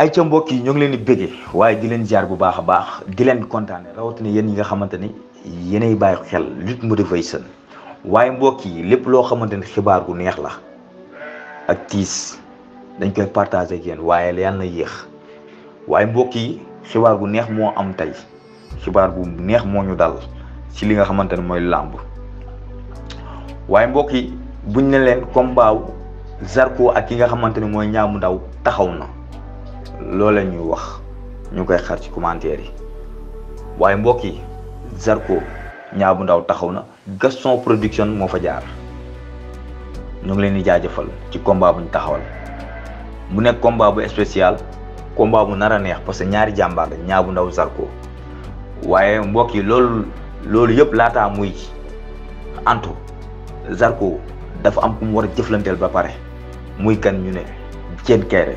ay ca mbokk yi ñoo ngi leen di bëggee waaye di leen ziar bu baax a baax di leen kontaane rawatina yéen ñi nga xamante ni yéenay bàyyi xel Lutte Motivation waaye mbokk yi lépp loo xamante ni xibaar bu neex la ak tiis dañ koy partagé ak waaye yàlla na yéex waaye mbokk yi xibaar gu neex moo am tey xibaar bu neex moo ñu dal ci li nga xamante ne mooy làmb waaye mbokk yi buñ ne leen combat Zarko ak ki nga xamante ne mooy ñaamu ndaw taxaw na. loolu la ñuy wax ñu koy xar ci commentaire yi waaye mbokk yi Zarko ñaa bu ndaw taxaw na Gaston production moo fa jaar ñu ngi leen di jaajëfal ci combat bu ñu taxawal mu nekk combat bu spécial combat bu nar a neex parce que ñaari jàmbaar la ñaa bu ndaw Zarko waaye mbokk yi loolu loolu yëpp laataa muy antu sarko dafa am ku mu war a jëflanteel ba pare muy kan ñu ne Diène Kairé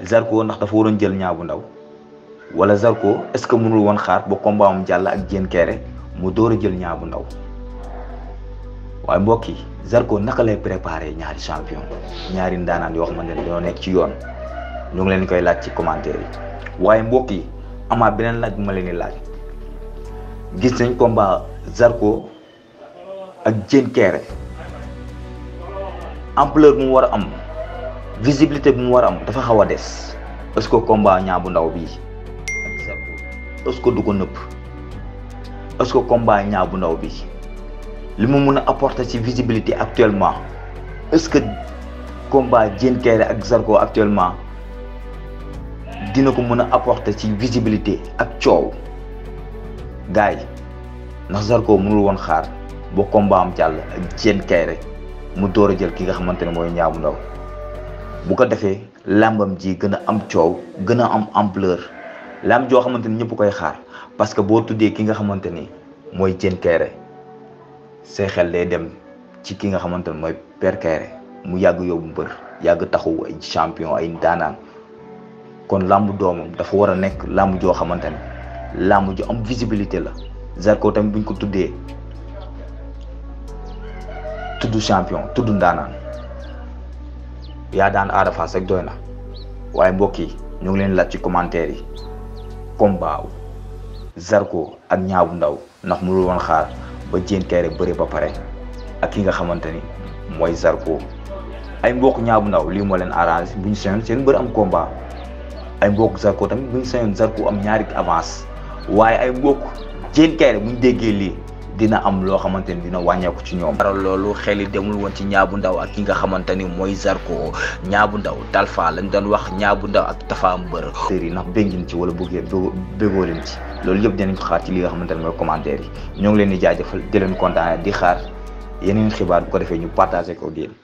Zarko ndax dafa waroon jël ñaa bu ndaw wala Zarko est-ce que mënul woon xaar ba combat am jàll ak Diène Kairé mu door a jël ñaa bu ndaw waaye mbokk yi Zarko naka lay préparé ñaari champion ñaari ndaanaan yoo xamante ne dañoo nekk ci yoon ñu ngi leen koy laaj ci commentaire yi waaye mbokk yi amaa beneen laaj bu ma leen di laaj gis nañ combat Zarko ak Diène Kairé empleur mu war a am. visibilité bi mu war am dafa xaw a des est-ce que combat ñaa bu ndaw bii est-ce que du ko nëpp est-ce que combat ñaa bu ndaw bii li mu mun a apporter ci visibilité actuellement est-ce que combat Diène Kaïré ak Zarko actuellement dina ko mën a apporter ci visibilité ak coow gars yi ndax Zarko mënul woon xaar boo combat am jàll ak Diène Kaïré mu door a jël ki nga xamante ne mooy ñaa ndaw bu ko defee làmbam ji gën a am coow gën a am ampleur làmb joo xamante ni ñëpp koy xaar parce que boo tuddee ki nga xamante ni mooy Diène Kairé say xel day dem ci ki nga xamante ni mooy Père Kairé mu yàgg yóbbu mbër yàgg taxu ay champion ay daanaan kon làmb doomam dafa war a nekk làmb joo xamante ni làmb ju am visibilité la Zarko tamit buñ ko tuddee tudd champion tudd ndaanaan yaa daan Ada Fass ak doy na waaye mbokk yi ñu ngi leen laaj ci commentaire yi combat Zarko ak Niang Ndaw ndax mu woon xaar ba Diène Kaïré bëre ba pare ak ki nga xamante ni mooy Zarko ay mbokk Niang Ndaw lii moo leen arrange bu ñu seen bëri am combat ay mbokk Zarko tamit bu ñu Zarko am ñaari avance waaye ay mbokk Diène Kaïré bu ñu déggee lii. dina am loo xamante ni dina wàññeeku ci ñoom waral loolu xel yi demul woon ci ñaabu ndaw ak ki nga xamante ni mooy Zarko ñaabu ndaw Talfa lañ doon wax ñaabu ndaw ak Tafa Mbër série ndax béngin ci wala bëggee bëggoo leen ci loolu yëpp dinañ ko xaar ci li nga xamante ni mooy commentaire yi ñoo ngi leen di jaajëfal di leen kontaane di xaar yeneen xibaar bu ko defee ñu partagé ko ak